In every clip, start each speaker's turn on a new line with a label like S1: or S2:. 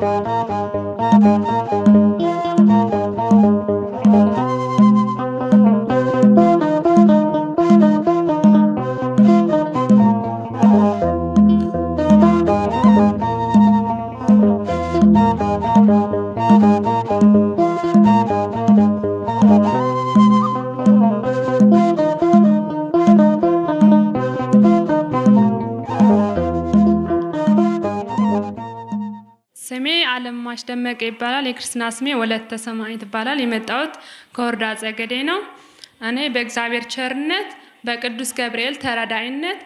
S1: Thank you. ደመቀ ይባላል። የክርስትና ስሜ ወለተ ሰማዕት ይባላል። የመጣሁት ከወረዳ ጸገዴ ነው። እኔ በእግዚአብሔር ቸርነት በቅዱስ ገብርኤል ተረዳይነት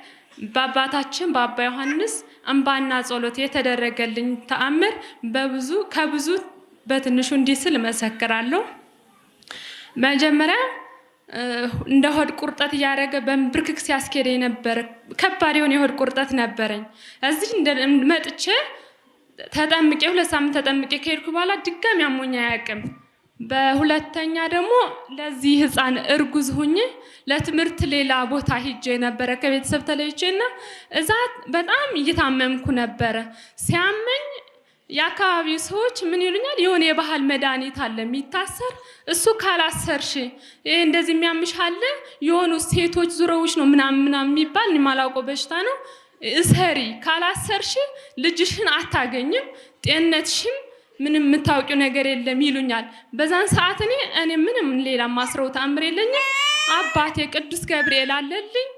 S1: በአባታችን በአባ ዮሐንስ እንባና ጸሎት የተደረገልኝ ተአምር በብዙ ከብዙ በትንሹ እንዲህ ስል እመሰክራለሁ። መጀመሪያ እንደ ሆድ ቁርጠት እያደረገ በንብርክክ ሲያስኬደ የነበረ ከባድ የሆነ የሆድ ቁርጠት ነበረኝ። እዚህ መጥቼ ተጠምቄ ሁለት ሳምንት ተጠምቄ ከሄድኩ በኋላ ድጋሚ አሞኝ አያውቅም። በሁለተኛ ደግሞ ለዚህ ህፃን እርጉዝ ሁኝ ለትምህርት ሌላ ቦታ ሂጄ ነበረ ከቤተሰብ ተለይቼ እና እዛ በጣም እየታመምኩ ነበረ። ሲያመኝ የአካባቢው ሰዎች ምን ይሉኛል፣ የሆነ የባህል መድኃኒት አለ የሚታሰር እሱ ካላሰርሽ ይህ እንደዚህ የሚያምሻለ የሆኑ ሴቶች ዙረውሽ ነው ምናምን ምናምን የሚባል የማላውቀው በሽታ ነው እሰሪ ካላሰርሽ ልጅሽን አታገኝም፣ ጤንነትሽም ምንም የምታውቂው ነገር የለም ይሉኛል። በዛን ሰዓት እኔ እኔ ምንም ሌላ ማስረው ተአምር የለኝም። አባቴ ቅዱስ ገብርኤል አለልኝ።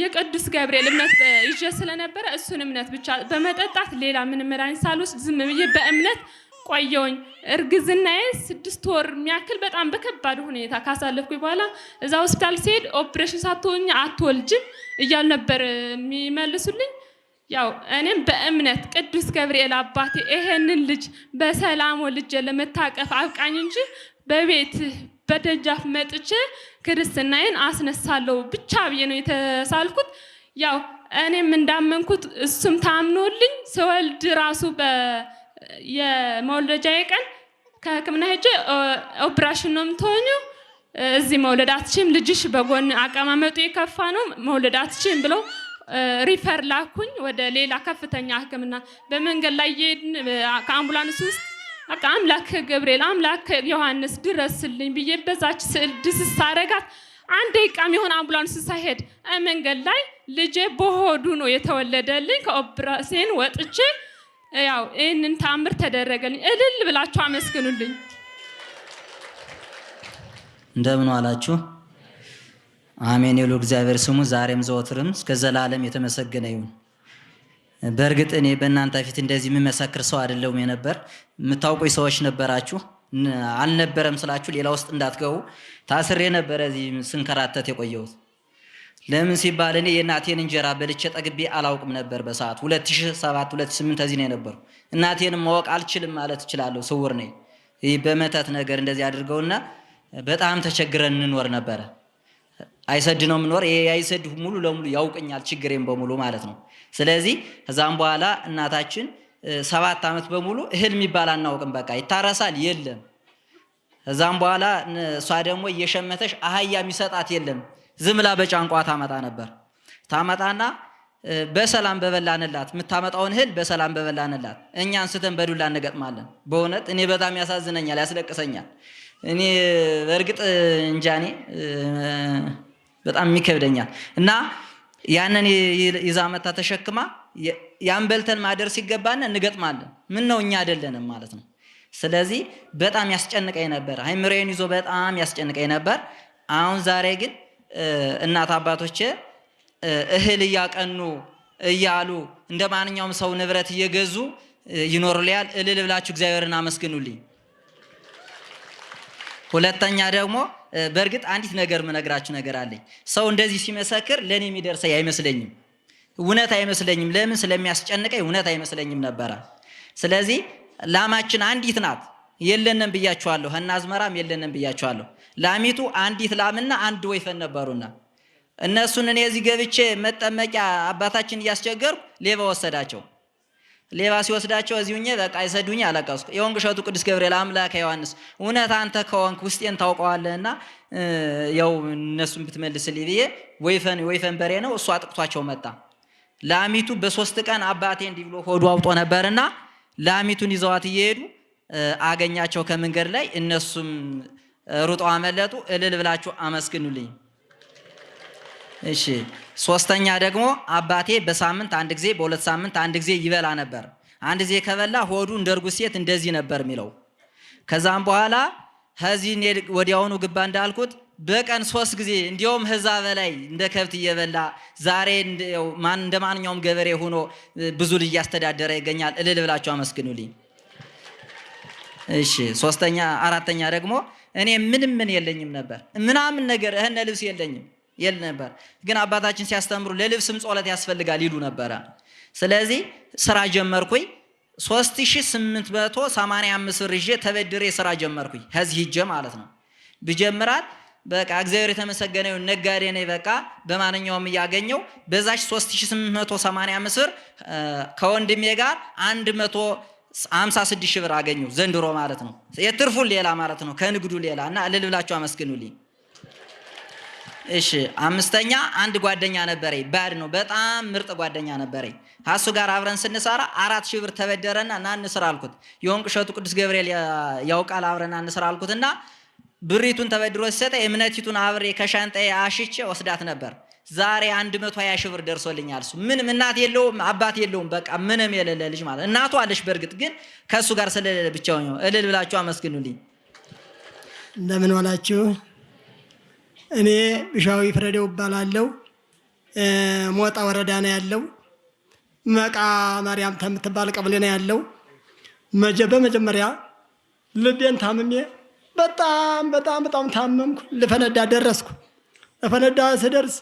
S1: የቅዱስ ገብርኤል እምነት ይዤ ስለነበረ እሱን እምነት ብቻ በመጠጣት ሌላ ምንም መድኃኒት ሳልወስድ ዝም ብዬ በእምነት ቆየውኝ እርግዝናዬ ስድስት ወር የሚያክል በጣም በከባድ ሁኔታ ካሳለፍኩ በኋላ እዛ ሆስፒታል ሲሄድ ኦፕሬሽን ሳትሆኝ አትወልጅም እያሉ ነበር የሚመልሱልኝ። ያው እኔም በእምነት ቅዱስ ገብርኤል አባቴ ይሄንን ልጅ በሰላም ወልጄ ለመታቀፍ አብቃኝ እንጂ በቤት በደጃፍ መጥቼ ክርስትናዬን አስነሳለሁ ብቻ ብዬ ነው የተሳልኩት። ያው እኔም እንዳመንኩት እሱም ታምኖልኝ ስወልድ ራሱ በ የመውለጃዬ ቀን ከህክምና ሄጄ ኦፕራሽን ነው የምትሆኙ፣ እዚህ መውለድ አትችም፣ ልጅሽ በጎን አቀማመጡ የከፋ ነው መውለድ አትችም ብለው ሪፈር ላኩኝ ወደ ሌላ ከፍተኛ ህክምና። በመንገድ ላይ እየሄድን ከአምቡላንስ ውስጥ በቃ አምላክ ገብርኤል አምላክ ዮሐንስ ድረስልኝ ብዬ በዛች ስዕል ድስስ አረጋት። አንድ ደቂቃም የሆነ አምቡላንስ ሳይሄድ መንገድ ላይ ልጄ በሆዱ ነው የተወለደልኝ። ከኦፕራሴን ወጥቼ ያው ይህንን ታምር ተደረገልኝ። እልል ብላችሁ አመስግኑልኝ።
S2: እንደምን አላችሁ? አሜን የሎ እግዚአብሔር ስሙ ዛሬም ዘወትርም እስከ ዘላለም የተመሰገነ ይሁን። በእርግጥ እኔ በእናንተ ፊት እንደዚህ የምመሰክር ሰው አይደለሁም የነበር የምታውቁኝ ሰዎች ነበራችሁ። አልነበረም ስላችሁ ሌላ ውስጥ እንዳትገቡ ታስሬ ነበረ እዚህ ስንከራተት የቆየሁት ለምን ሲባል እኔ የእናቴን እንጀራ በልቼ ጠግቤ አላውቅም ነበር። በሰዓት 2007 2008 እዚህ ነው የነበሩ። እናቴን ማወቅ አልችልም ማለት እችላለሁ፣ ስውር ነኝ። በመተት ነገር እንደዚህ አድርገውና በጣም ተቸግረን እንኖር ነበረ። አይሰድ ነው የምኖር። ይሄ አይሰድ ሙሉ ለሙሉ ያውቀኛል ችግሬን በሙሉ ማለት ነው። ስለዚህ ከዛም በኋላ እናታችን ሰባት ዓመት በሙሉ እህል የሚባል አናውቅም። በቃ ይታረሳል የለም። ከዛም በኋላ እሷ ደግሞ እየሸመተሽ አህያ የሚሰጣት የለም ዝምላ በጫንቋ ታመጣ ነበር። ታመጣና በሰላም በበላንላት የምታመጣውን እህል በሰላም በበላንላት፣ እኛ አንስተን በዱላ እንገጥማለን። በእውነት እኔ በጣም ያሳዝነኛል፣ ያስለቅሰኛል። እኔ በእርግጥ እንጃኔ በጣም የሚከብደኛል እና ያንን ይዛ መታ ተሸክማ ያንበልተን ማደር ሲገባን እንገጥማለን። ምን ነው እኛ አይደለንም ማለት ነው። ስለዚህ በጣም ያስጨንቀኝ ነበር፣ አይምሬን ይዞ በጣም ያስጨንቀኝ ነበር። አሁን ዛሬ ግን እናት አባቶቼ እህል እያቀኑ እያሉ እንደ ማንኛውም ሰው ንብረት እየገዙ ይኖሩልያል። እልል ብላችሁ እግዚአብሔርን አመስግኑልኝ። ሁለተኛ ደግሞ በእርግጥ አንዲት ነገር ምነግራችሁ ነገር አለኝ። ሰው እንደዚህ ሲመሰክር ለእኔ የሚደርሰኝ አይመስለኝም፣ እውነት አይመስለኝም። ለምን? ስለሚያስጨንቀኝ እውነት አይመስለኝም ነበረ ስለዚህ ላማችን አንዲት ናት። የለንም ብያቸዋለሁ። እና አዝመራም የለንም ብያቸዋለሁ። ላሚቱ አንዲት ላምና አንድ ወይፈን ነበሩና እነሱን እኔ እዚህ ገብቼ መጠመቂያ አባታችን እያስቸገርኩ ሌባ ወሰዳቸው። ሌባ ሲወስዳቸው እዚሁ በቃ ይሰዱኝ አለቀስኩ። የወንቅ እሸቱ ቅዱስ ገብርኤል አምላከ ዮሐንስ እውነት አንተ ከወንክ ውስጤን ታውቀዋለህና ያው እነሱን ብትመልስልኝ ብዬ ወይፈን ወይፈን በሬ ነው እሱ አጥቅቷቸው መጣ። ላሚቱ በሶስት ቀን አባቴ እንዲህ ብሎ ሆዱ አውጦ ነበርና ላሚቱን ይዘዋት እየሄዱ አገኛቸው ከመንገድ ላይ እነሱም ሩጠው አመለጡ። እልል ብላችሁ አመስግኑልኝ። እሺ፣ ሶስተኛ ደግሞ አባቴ በሳምንት አንድ ጊዜ በሁለት ሳምንት አንድ ጊዜ ይበላ ነበር። አንድ ጊዜ ከበላ ሆዱ እንደ እርጉዝ ሴት እንደዚህ ነበር የሚለው። ከዛም በኋላ ከዚህ ወዲያውኑ ግባ እንዳልኩት በቀን ሶስት ጊዜ እንዲያውም ህዛ በላይ እንደ ከብት እየበላ ዛሬ እንደ ማንኛውም ገበሬ ሆኖ ብዙ ልጅ እያስተዳደረ ይገኛል። እልል ብላችሁ አመስግኑልኝ። እሺ ሶስተኛ አራተኛ ደግሞ እኔ ምንም ምን የለኝም ነበር ምናምን ነገር እህነ ልብስ የለኝም የል ነበር። ግን አባታችን ሲያስተምሩ ለልብስም ጾለት ያስፈልጋል ይሉ ነበረ። ስለዚህ ስራ ጀመርኩኝ 3885 ብር ይዤ ተበድሬ ስራ ጀመርኩኝ። ከዚህ ሂጄ ማለት ነው ብጀምራት በቃ እግዚአብሔር የተመሰገነ ነጋዴ ነኝ። በቃ በማንኛውም እያገኘው በዛች 3885 ብር ከወንድሜ ጋር 100 አምሳ ስድስት ሺህ ብር አገኙ ዘንድሮ ማለት ነው። የትርፉን ሌላ ማለት ነው ከንግዱ ሌላ እና እልል አመስግኑልኝ። እሺ አምስተኛ አንድ ጓደኛ ነበረኝ፣ ባድ ነው በጣም ምርጥ ጓደኛ ነበረኝ። ከሱ ጋር አብረን ስንሰራ አራት ሺህ ብር ተበደረና እና እንስራ አልኩት። የወንቅ እሸቱ ቅዱስ ገብርኤል ያውቃል አብረን እንስራ አልኩት እና ብሪቱን ተበድሮ ሲሰጠ እምነቲቱን አብሬ ከሻንጣዬ አሽቼ ወስዳት ነበር ዛሬ አንድ መቶ ሀያ ሺህ ብር ደርሶልኛል። እሱ ምንም እናት የለውም አባት የለውም፣ በቃ ምንም የሌለ ልጅ ማለት እናቱ አለች። በእርግጥ ግን ከእሱ ጋር ስለሌለ ብቻው ነው። እልል ብላችሁ አመስግኑልኝ።
S3: እንደምን ዋላችሁ። እኔ ብሻዊ ፍረደው እባላለሁ። ሞጣ ወረዳ ነው ያለው። መቃ ማርያም የምትባል ቀበሌ ነው ያለው። በመጀመሪያ ልቤን ታምሜ በጣም በጣም በጣም ታመምኩ። ልፈነዳ ደረስኩ። ልፈነዳ ስደርስ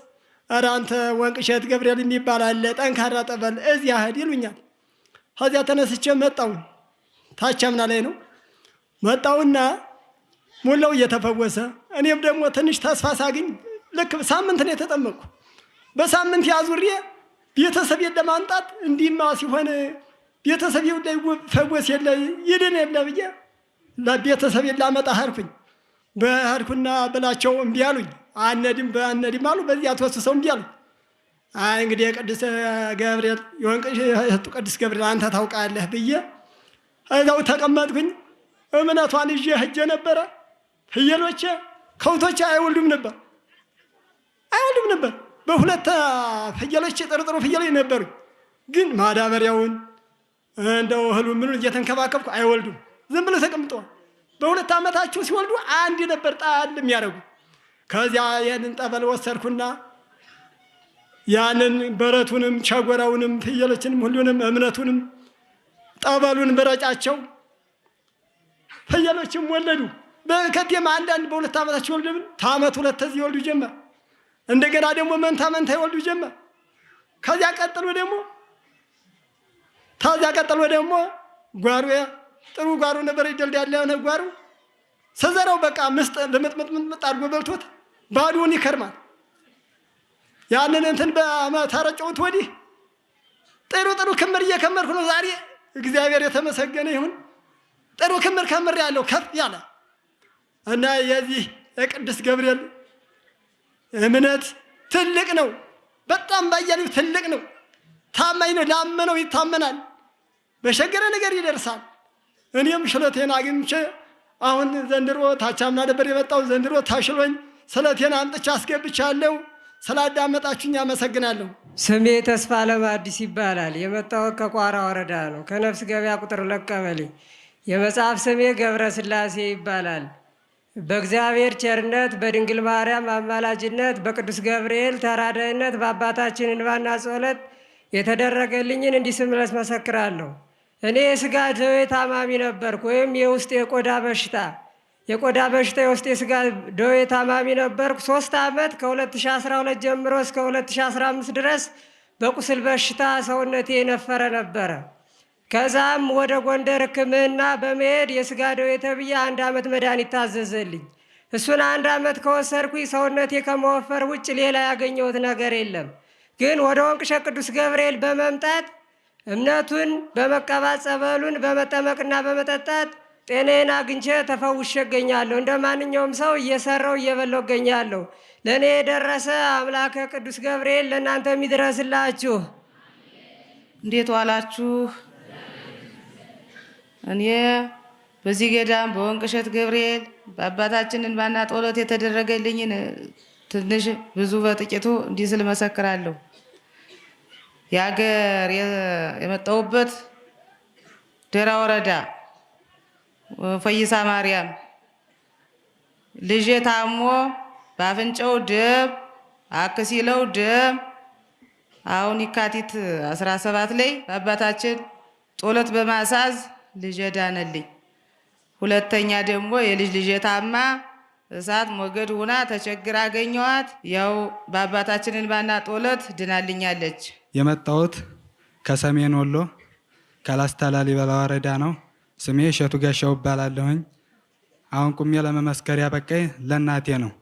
S3: ኧረ አንተ ወንቅሸት ገብርኤል የሚባል አለ ጠንካራ ጠበል እዚያ ሂድ ይሉኛል። ከዚያ ተነስቼ መጣሁ። ታቸምና ላይ ነው መጣሁና ሙላው እየተፈወሰ እኔም ደግሞ ትንሽ ተስፋ ሳግኝ ልክ ሳምንት ነው የተጠመቅኩ። በሳምንት ያዙሬ ቤተሰቤን ለማምጣት እንዲማ ሲሆን ቤተሰብ ላይ ፈወስ የለ ይድን የለ ብዬ ቤተሰቤን ላመጣ ሄድኩኝ። በሄድኩና ብላቸው እምቢ አሉኝ። አነድም በአነድም አሉ። በዚያ ተወስሰው እንዲህ አሉ። አይ እንግዲህ የቅዱስ ገብርኤል የወንቅሽ የሰጡ ቅዱስ ገብርኤል አንተ ታውቃለህ ብዬ እዛው ተቀመጥኩኝ። እምነቷን ይዤ ሂጄ ነበረ። ፍየሎቼ ከውቶቼ አይወልዱም ነበር አይወልዱም ነበር። በሁለት ፍየሎች ጥርጥሩ ፍየሎች ነበሩ። ግን ማዳበሪያውን እንደው እህሉ ምኑን እየተንከባከብኩ አይወልዱም። ዝም ብሎ ተቀምጠዋል። በሁለት ዓመታቸው ሲወልዱ አንድ ነበር ጣል የሚያደርጉ ከዚያ ይህንን ጠበል ወሰድኩና ያንን በረቱንም ቸጎራውንም ፍየሎችንም ሁሉንም እምነቱንም ጠበሉን ብረጫቸው ፍየሎችም ወለዱ። በከቴም አንዳንድ በሁለት ዓመታቸው ይወልዱ ታመት ሁለት ተዚህ ወልዱ ጀመር። እንደገና ደግሞ መንታ መንታ ይወልዱ ጀመር። ከዚያ ቀጥሎ ደግሞ ታዚያ ቀጥሎ ደግሞ ጓሩ ጥሩ ጓሩ ነበር። ይደልዳል ያለ ጓሩ ስዘረው በቃ ምስጥ ልምጥምጥምጥ አድርጎ በልቶት ባዶን ይከርማል። ያንን እንትን በመታረጨውት ወዲህ ጥሩ ጥሩ ክምር እየከመርኩ ነው። ዛሬ እግዚአብሔር የተመሰገነ ይሁን። ጥሩ ክምር ከምር ያለው ከፍ ያለ እና የዚህ የቅዱስ ገብርኤል እምነት ትልቅ ነው። በጣም ባያሌው ትልቅ ነው። ታማኝ ነው። ላመነው ይታመናል። በሸገረ ነገር ይደርሳል። እኔም ሽሎቴን አግኝቼ አሁን ዘንድሮ ታቻምና ነበር የመጣው ዘንድሮ ታሽሎኝ ስለቴን አምጥቼ አስገብቻለሁ። ስላዳመጣችሁኝ አመሰግናለሁ።
S4: ስሜ ተስፋ አለም አዲስ ይባላል። የመጣሁት ከቋራ ወረዳ ነው፣ ከነፍስ ገበያ ቁጥር ለቀበሌ። የመጽሐፍ ስሜ ገብረ ስላሴ ይባላል። በእግዚአብሔር ቸርነት በድንግል ማርያም አማላጅነት በቅዱስ ገብርኤል ተራዳይነት በአባታችን እንባና ጸሎት የተደረገልኝን እንዲህ ስምለስ መሰክራለሁ። እኔ የስጋ ደዌ ታማሚ ነበርኩ፣ ወይም የውስጥ የቆዳ በሽታ የቆዳ በሽታ የውስጥ የስጋ ደዌ ታማሚ ነበርኩ። ሶስት ዓመት ከ2012 ጀምሮ እስከ 2015 ድረስ በቁስል በሽታ ሰውነቴ የነፈረ ነበረ። ከዛም ወደ ጎንደር ሕክምና በመሄድ የስጋ ደዌ ተብዬ አንድ ዓመት መድኃኒት ታዘዘልኝ። እሱን አንድ ዓመት ከወሰድኩኝ ሰውነቴ ከመወፈር ውጭ ሌላ ያገኘሁት ነገር የለም። ግን ወደ ወንቅሸት ቅዱስ ገብርኤል በመምጣት እምነቱን በመቀባት ጸበሉን በመጠመቅና በመጠጣት ጤናዬን አግኝቼ ተፈውሼ እገኛለሁ። እንደ ማንኛውም ሰው እየሰራው እየበላው እገኛለሁ። ለእኔ የደረሰ አምላከ ቅዱስ ገብርኤል ለእናንተ የሚድረስላችሁ።
S5: እንዴት ዋላችሁ? እኔ በዚህ ገዳም በወንቅ እሸት ገብርኤል በአባታችንን ባና ጦሎት የተደረገልኝን ትንሽ ብዙ በጥቂቱ እንዲህ ስል መሰክራለሁ። የሀገር የመጣሁበት ደራ ወረዳ ፈይሳ ማርያም ልጄ ታሞ በአፍንጫው ደም አክሲለው ደም አሁን ይካቲት 17 ላይ በአባታችን ጦለት በማሳዝ ልጄ ዳነልኝ። ሁለተኛ ደግሞ የልጅ ልጄ ታማ እሳት ሞገድ ሁና ተቸግር አገኘዋት። ያው በአባታችንን ባና ጦለት ድናልኛለች።
S6: የመጣሁት ከሰሜን ወሎ ከላስታ ላሊበላ ወረዳ ነው። ስሜ እሸቱ ጋሻው እባላለሁኝ። አሁን ቁሜ ለመመስከር ያበቃኝ ለእናቴ ነው።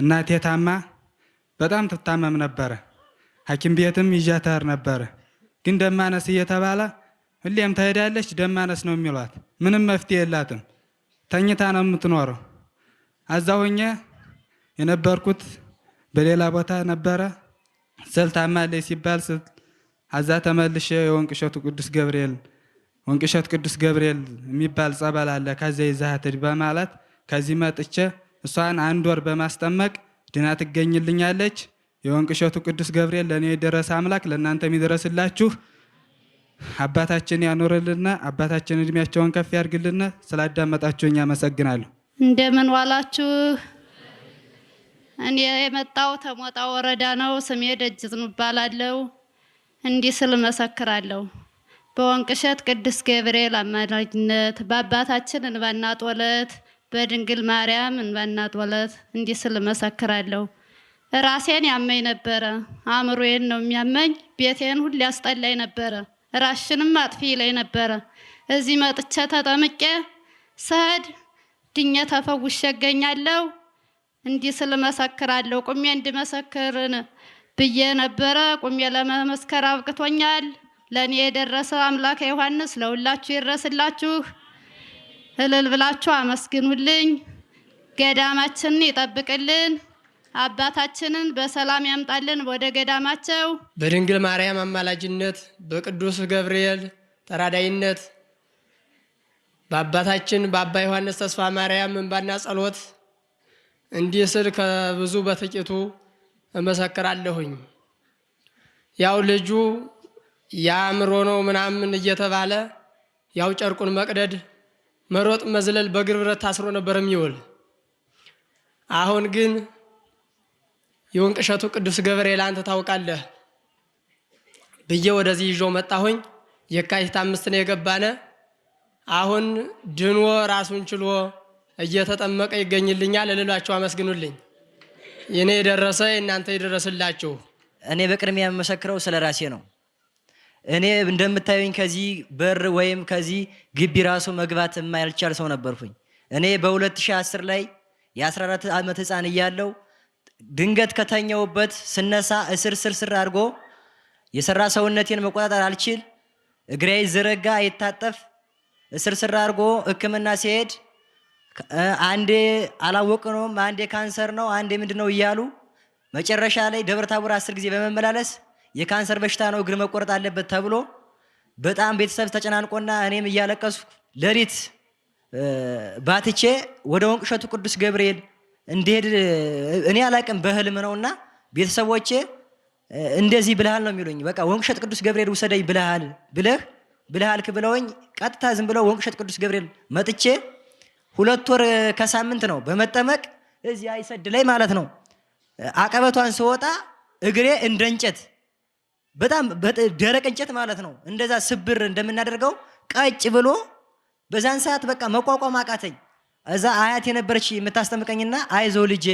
S6: እናቴ ታማ በጣም ትታመም ነበረ። ሐኪም ቤትም ይዣተር ነበረ። ግን ደማነስ እየተባለ ሁሌም ትሄዳለች፣ ደማነስ ነው የሚሏት። ምንም መፍትሄ የላትም። ተኝታ ነው የምትኖረው። አዛ ሆኜ የነበርኩት በሌላ ቦታ ነበረ። ስል ታማለች ሲባል አዛ ተመልሼ የወንቅ እሸቱ ቅዱስ ገብርኤል ወንቅሸት ቅዱስ ገብርኤል የሚባል ጸበል አለ ከዚያ ይዛህትድ በማለት ከዚህ መጥቼ እሷን አንድ ወር በማስጠመቅ ድና ትገኝልኛለች። የወንቅሸቱ ቅዱስ ገብርኤል ለእኔ የደረሰ አምላክ ለእናንተ የሚደረስላችሁ አባታችን ያኖርልና አባታችን እድሜያቸውን ከፍ ያድርግልና። ስላዳመጣችሁኝ አመሰግናለሁ።
S7: እንደምን ዋላችሁ? እኔ የመጣው ተሞጣ ወረዳ ነው። ስሜ ደጅዝ እባላለሁ። እንዲህ ስል በወንቅሸት ቅድስት ገብርኤል አማላጅነት በአባታችን እንባና ጦለት በድንግል ማርያም እንባና ጦለት እንዲህ ስል ራሴን ያመኝ ነበረ፣ አእምሮዬን ነው የሚያመኝ። ቤቴን ሁሉ ያስጠላኝ ነበረ፣ ራሽንም አጥፊ ላይ ነበረ። እዚህ መጥቼ ተጠምቄ ስሄድ ድኜ ተፈውሼ እገኛለሁ። እንዲህ ስል እመሰክራለሁ። ቁሜ እንድመሰክርን ብዬ ነበረ፣ ቁሜ ለመመስከር አብቅቶኛል። ለእኔ የደረሰው አምላከ ዮሐንስ ለሁላችሁ ይድረስላችሁ። እልል ብላችሁ አመስግኑልኝ። ገዳማችንን ይጠብቅልን። አባታችንን በሰላም ያምጣልን ወደ ገዳማቸው።
S8: በድንግል ማርያም አማላጅነት በቅዱስ ገብርኤል ተራዳይነት በአባታችን በአባ ዮሐንስ ተስፋ ማርያም እንባና ጸሎት እንዲህ ስል ከብዙ በጥቂቱ እመሰክራለሁኝ። ያው ልጁ የአእምሮ ነው ምናምን እየተባለ ያው ጨርቁን መቅደድ መሮጥ መዝለል በእግር ብረት ታስሮ ነበር የሚውል። አሁን ግን የወንቅ እሸቱ ቅዱስ ገብርኤል አንተ ታውቃለህ ብዬ ወደዚህ ይዞ መጣሁኝ። የካቲት አምስት ነው የገባነ። አሁን ድኖ ራሱን ችሎ እየተጠመቀ ይገኝልኛል። እልሏቸው አመስግኑልኝ። የኔ የደረሰ እናንተ ይደረስላችሁ።
S2: እኔ በቅድሚያ የምመሰክረው ስለ ራሴ ነው። እኔ እንደምታዩኝ ከዚህ በር ወይም ከዚህ ግቢ ራሱ መግባት የማይቻል ሰው ነበርኩኝ። እኔ በ2010 ላይ የ14 ዓመት ህፃን እያለው ድንገት ከተኛውበት ስነሳ እስር ስር ስር አድርጎ የሰራ ሰውነቴን መቆጣጠር አልችል፣ እግሬ ዝረጋ አይታጠፍ፣ እስር ስር አድርጎ ህክምና ሲሄድ አንዴ አላወቅነውም፣ አንዴ ካንሰር ነው፣ አንዴ ምንድን ነው እያሉ መጨረሻ ላይ ደብረ ታቦር አስር ጊዜ በመመላለስ የካንሰር በሽታ ነው እግር መቆረጥ አለበት ተብሎ በጣም ቤተሰብ ተጨናንቆና እኔም እያለቀስኩ ለሊት ባትቼ ወደ ወንቅ እሸቱ ቅዱስ ገብርኤል እንድሄድ እኔ አላቅም በህልም ነውና ቤተሰቦቼ እንደዚህ ብልሃል ነው የሚሉኝ። በቃ ወንቅ እሸት ቅዱስ ገብርኤል ውሰደኝ ብልሃል ብለህ ብልሃልክ ብለውኝ ቀጥታ ዝም ብለው ወንቅ እሸት ቅዱስ ገብርኤል መጥቼ ሁለት ወር ከሳምንት ነው በመጠመቅ እዚህ አይሰድ ላይ ማለት ነው አቀበቷን ስወጣ እግሬ እንደ እንጨት በጣም ደረቅ እንጨት ማለት ነው። እንደዛ ስብር እንደምናደርገው ቀጭ ብሎ በዛን ሰዓት በቃ መቋቋም አቃተኝ። እዛ አያት የነበረች የምታስጠምቀኝና አይዞ ልጄ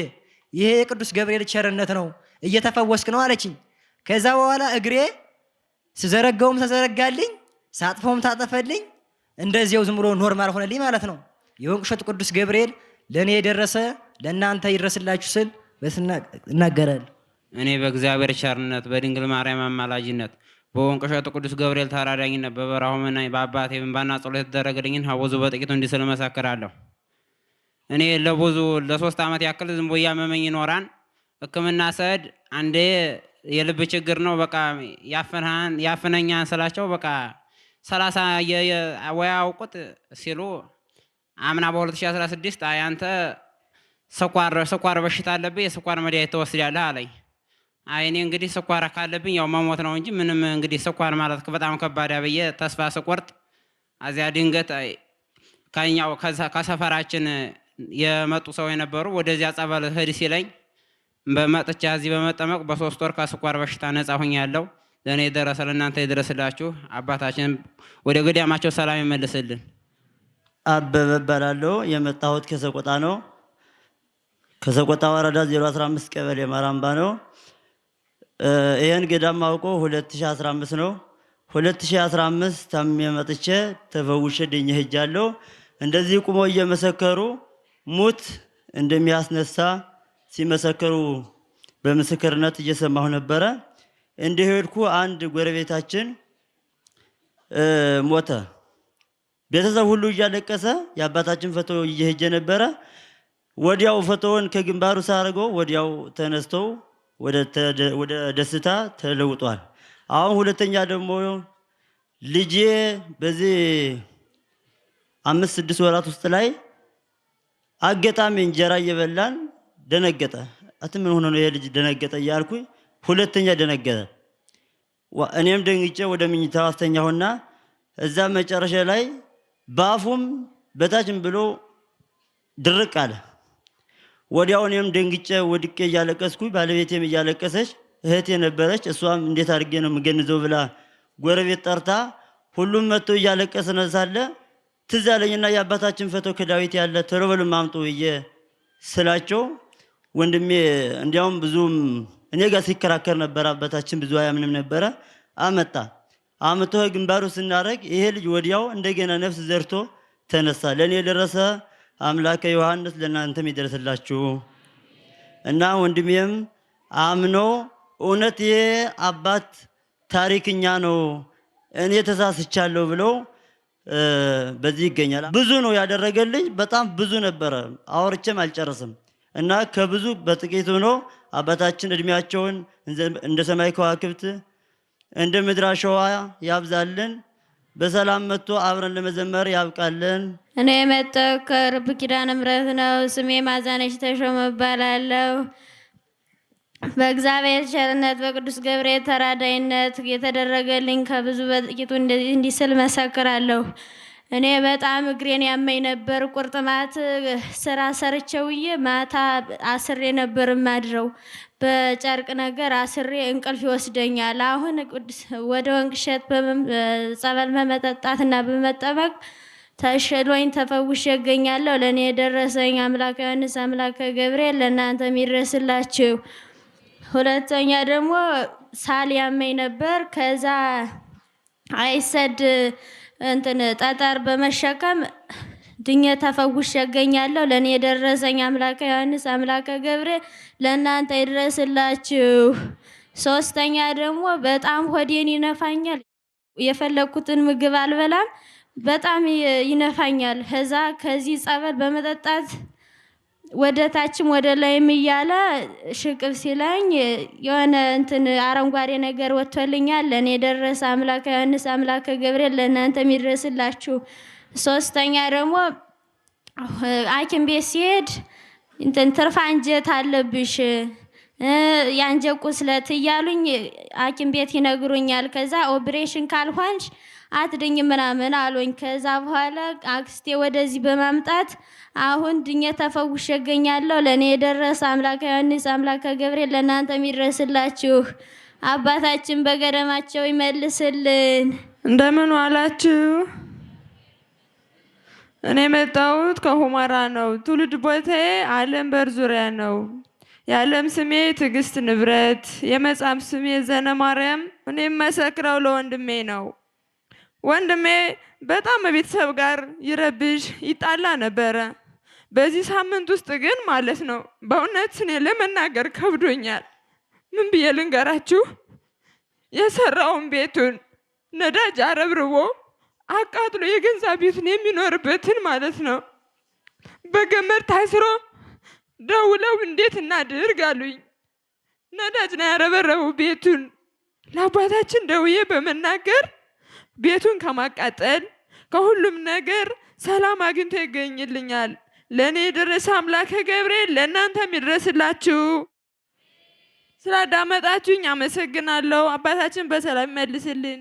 S2: ይሄ የቅዱስ ገብርኤል ቸርነት ነው እየተፈወስክ ነው አለችኝ። ከዛ በኋላ እግሬ ስዘረጋውም ተዘረጋልኝ፣ ሳጥፈውም ታጠፈልኝ። እንደዚያው ዝም ብሎ ኖርማል ሆነልኝ ማለት ነው። የወንቅ ቅዱስ ገብርኤል ለእኔ የደረሰ ለእናንተ ይድረስላችሁ ስል እናገራለሁ።
S9: እኔ በእግዚአብሔር ቸርነት በድንግል ማርያም አማላጅነት በወንቅ እሸቱ ቅዱስ ገብርኤል ተራዳኝነት በበረሃው በአባቴ ብንባና ጸሎት የተደረገልኝን ሀቦዙ በጥቂቱ እንዲስል መሰክራለሁ። እኔ ለብዙ ለሶስት ዓመት ያክል ዝም ብሎ እያመመኝ ይኖራን ሕክምና አንዴ የልብ ችግር ነው በቃ ያፍነኛን ስላቸው በቃ ሰላሳ ወይ አውቁት ሲሉ አምና በ2016 አያንተ ስኳር በሽታ አለብህ የስኳር መድኃኒት ትወስዳለህ አለኝ። አይ እኔ እንግዲህ ስኳር ካለብኝ ያው መሞት ነው እንጂ ምንም እንግዲህ ስኳር ማለት በጣም ከባድ ብዬ ተስፋ ስቆርጥ አዚያ ድንገት ከኛው ከሰፈራችን የመጡ ሰው የነበሩ ወደዚያ ጸበል ሂድ ሲለኝ በመጥቻ እዚህ በመጠመቅ በሶስት ወር ከስኳር በሽታ ነጻ ሁኝ ያለው ለእኔ የደረሰ ለእናንተ የደረስላችሁ አባታችን ወደ ገዳማቸው ሰላም ይመልስልን።
S10: አበበ እባላለሁ። የመጣሁት ከሰቆጣ ነው። ከሰቆጣ ወረዳ 015 ቀበሌ ማራምባ ነው። ይህን ገዳም አውቆ 2015 ነው። 2015 ታምሜ መጥቼ ተፈውሼ ድኜ ሄጃለሁ። እንደዚህ ቁሞ እየመሰከሩ ሙት እንደሚያስነሳ ሲመሰከሩ በምስክርነት እየሰማሁ ነበረ። እንደሄድኩ አንድ ጎረቤታችን ሞተ። ቤተሰብ ሁሉ እያለቀሰ የአባታችን ፈቶ እየሄጀ ነበረ። ወዲያው ፈቶውን ከግንባሩ ሳርገው ወዲያው ተነስተው ወደ ደስታ ተለውጧል። አሁን ሁለተኛ ደግሞ ልጄ በዚህ አምስት ስድስት ወራት ውስጥ ላይ አገጣሚ እንጀራ እየበላን ደነገጠ። አት ምን ሆነ ነው ልጅ ደነገጠ እያልኩ ሁለተኛ ደነገጠ። እኔም ደንግጬ ወደ ምኝታ ሆና እዛ መጨረሻ ላይ በአፉም በታችም ብሎ ድርቅ አለ። ወዲያው እኔም ደንግጬ ወድቄ እያለቀስኩ ባለቤቴም እያለቀሰች እህቴ ነበረች። እሷም እንዴት አድርጌ ነው የምገንዘው ብላ ጎረቤት ጠርታ ሁሉም መጥቶ እያለቀሰ ሳለ ትዝ አለኝና የአባታችን ፈቶ ከዳዊት ያለ ተረበሉ ማምጡ ብዬ ስላቸው ወንድሜ እንዲያውም ብዙም እኔ ጋር ሲከራከር ነበር። አባታችን ብዙ አያምንም ነበረ። አመጣ አምቶ ግንባሩ ስናደርግ ይሄ ልጅ ወዲያው እንደገና ነፍስ ዘርቶ ተነሳ። ለእኔ የደረሰ አምላከ ዮሐንስ ለእናንተም ይደረስላችሁ እና ወንድሜም አምኖ እውነት ይሄ አባት ታሪክኛ ነው እኔ ተሳስቻለሁ ብሎ በዚህ ይገኛል። ብዙ ነው ያደረገልኝ፣ በጣም ብዙ ነበረ፣ አውርቼም አልጨረስም እና ከብዙ በጥቂት ሆኖ አባታችን እድሜያቸውን እንደ ሰማይ ከዋክብት እንደ ምድር አሸዋ ያብዛልን። በሰላም መጥቶ አብረን ለመዘመር ያብቃለን።
S11: እኔ የመጣው ከርብ ኪዳነ ምሕረት ነው። ስሜ ማዛነች ተሾመ እባላለሁ። በእግዚአብሔር ቸርነት በቅዱስ ገብርኤል ተራዳይነት የተደረገልኝ ከብዙ በጥቂቱ እንዲህ ስል መሰክራለሁ። እኔ በጣም እግሬን ያመኝ ነበር። ቁርጥማት ስራ ሰርቸውዬ ማታ አስሬ ነበር ማድረው። በጨርቅ ነገር አስሬ እንቅልፍ ይወስደኛል። አሁን ወደ ወንቅሸት ጸበል በመጠጣት እና በመጠመቅ ተሽሎኝ ተፈውሽ ያገኛለሁ። ለእኔ የደረሰኝ አምላከ ዮሐንስ አምላከ ገብርኤል ለእናንተ የሚደርስላችሁ። ሁለተኛ ደግሞ ሳል ያመኝ ነበር። ከዛ አይሰድ እንትን ጠጠር በመሸከም ድኜ ተፈውሽ ያገኛለሁ። ለእኔ የደረሰኝ አምላከ ዮሐንስ፣ አምላከ ገብርኤል ለእናንተ ይድረስላችሁ። ሶስተኛ ደግሞ በጣም ሆዴን ይነፋኛል። የፈለግኩትን ምግብ አልበላም። በጣም ይነፋኛል። ከዛ ከዚህ ጸበል በመጠጣት ወደ ታችም ወደ ላይም እያለ ሽቅብ ሲለኝ የሆነ እንትን አረንጓዴ ነገር ወጥቶልኛል። ለእኔ የደረሰ አምላከ ዮሐንስ አምላከ ገብርኤል ለእናንተ የሚድረስላችሁ ሶስተኛ ደግሞ ሐኪም ቤት ሲሄድ እንትን ትርፍ አንጀት አለብሽ የአንጀት ቁስለት እያሉኝ ሐኪም ቤት ይነግሩኛል። ከዛ ኦፕሬሽን ካልሆንሽ አትድኝ ምናምን አሉኝ። ከዛ በኋላ አክስቴ ወደዚህ በማምጣት አሁን ድኘ ተፈውሽ እገኛለሁ። ለእኔ የደረሰ አምላከ ዮሐንስ አምላከ ገብርኤል ለእናንተ የሚድረስላችሁ አባታችን በገደማቸው ይመልስልን።
S5: እንደምን ዋላችሁ? እኔ የመጣሁት ከሁመራ ነው። ትውልድ ቦታዬ አለም በር ዙሪያ ነው። የዓለም ስሜ ትዕግስት ንብረት፣ የመጽሐፍ ስሜ ዘነ ማርያም። እኔ የምመሰክረው ለወንድሜ ነው። ወንድሜ በጣም ከቤተሰብ ጋር ይረብሽ ይጣላ ነበረ። በዚህ ሳምንት ውስጥ ግን ማለት ነው በእውነት እኔ ለመናገር ከብዶኛል። ምን ብዬ ልንገራችሁ? የሰራውን ቤቱን ነዳጅ አረብርቦ አቃጥሎ የገንዛ ቤቱን የሚኖርበትን ማለት ነው በገመድ ታስሮ ደውለው እንዴት እናድርግ አሉኝ። ነዳጅ ነው ያረበረቡ ቤቱን። ለአባታችን ደውዬ በመናገር ቤቱን ከማቃጠል ከሁሉም ነገር ሰላም አግኝቶ ይገኝልኛል። ለእኔ የደረሰ አምላከ ገብርኤል ለእናንተም ይድረስላችሁ። ስላዳመጣችሁኝ አመሰግናለሁ። አባታችን በሰላም ይመልስልን።